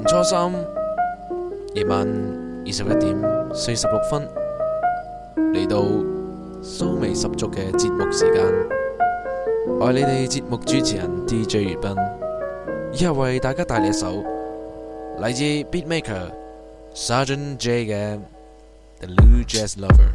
年初三夜晚二十一點四十六分，嚟到 soul 味十足嘅節目時間。愛你哋節目主持人 DJ 月斌，以下為大家帶嚟一首嚟自 Beatmaker、Sergeant J 嘅《The Blue Jazz Lover》。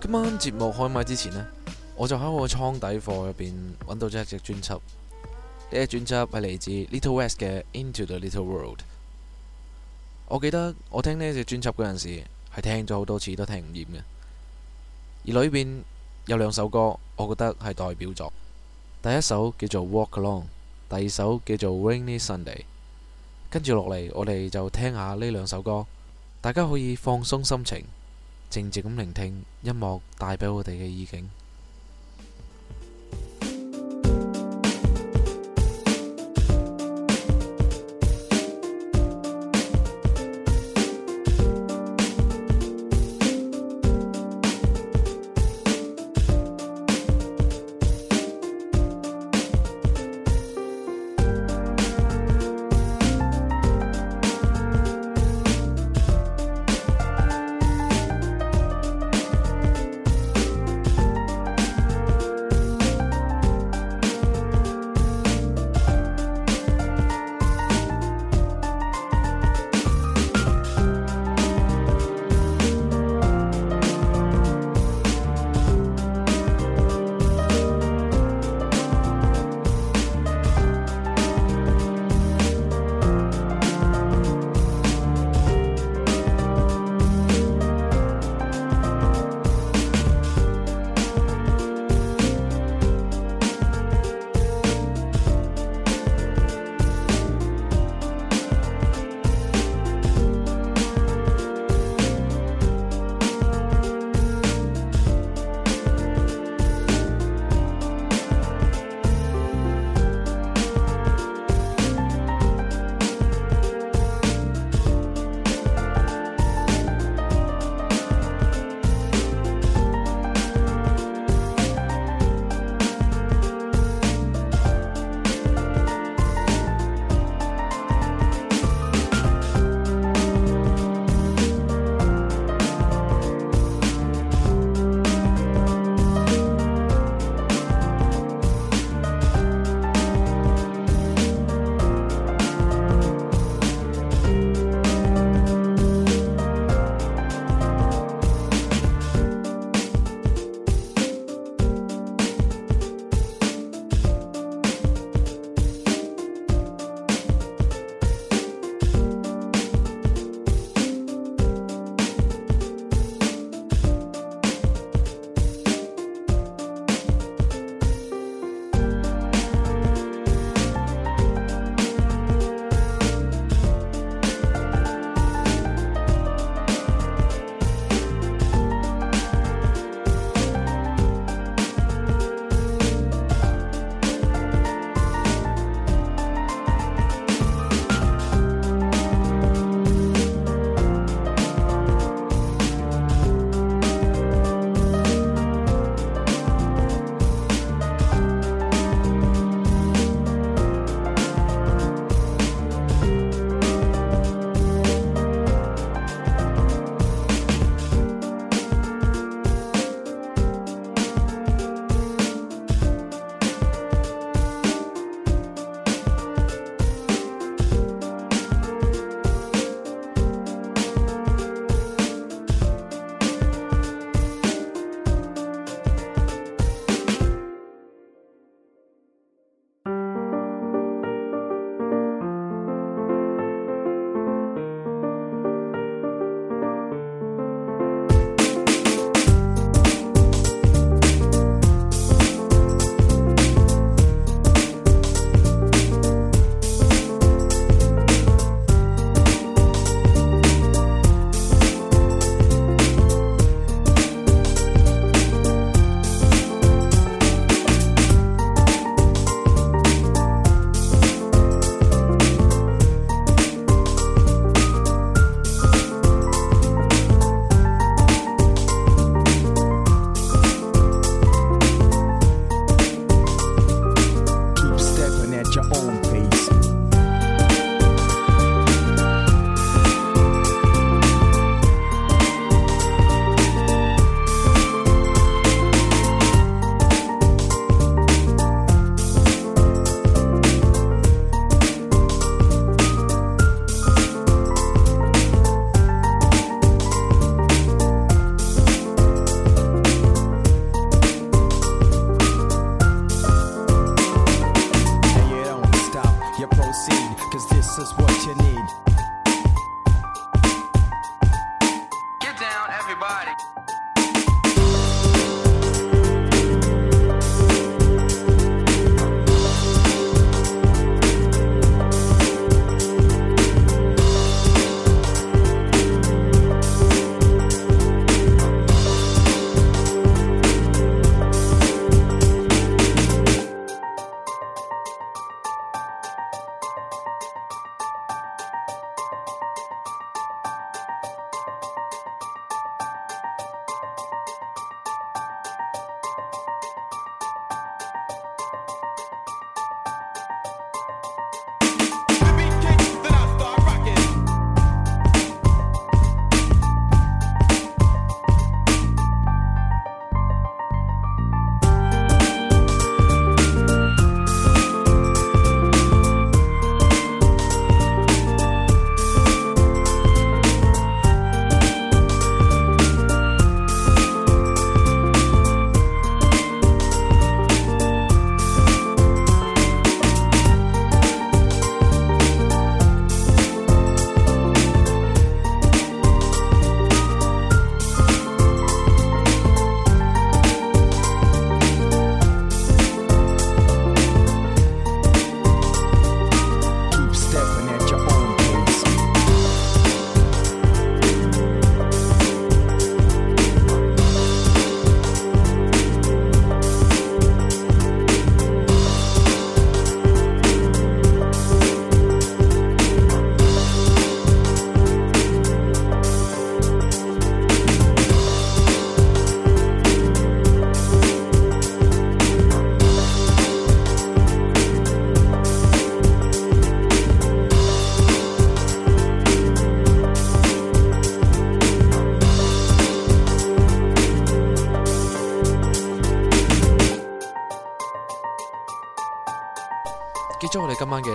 今晚節目開麥之前呢，我就喺我嘅倉底貨入邊揾到咗一隻專輯。呢隻專輯係嚟自 Little West 嘅《Into the Little World》。我記得我聽呢隻專輯嗰陣時，係聽咗好多次都聽唔厭嘅。而裏邊有兩首歌，我覺得係代表作。第一首叫做《Walk Along》，第二首叫做《Rainy Sunday》。跟住落嚟，我哋就聽下呢兩首歌，大家可以放鬆心情。靜靜咁聆聽音樂，帶俾我哋嘅意境。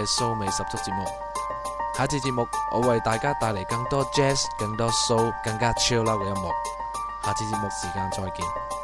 soul 味十足節目，下次節目我為大家帶嚟更多 jazz，更多 Soul，更加 chill out 嘅音樂。下次節目時間再見。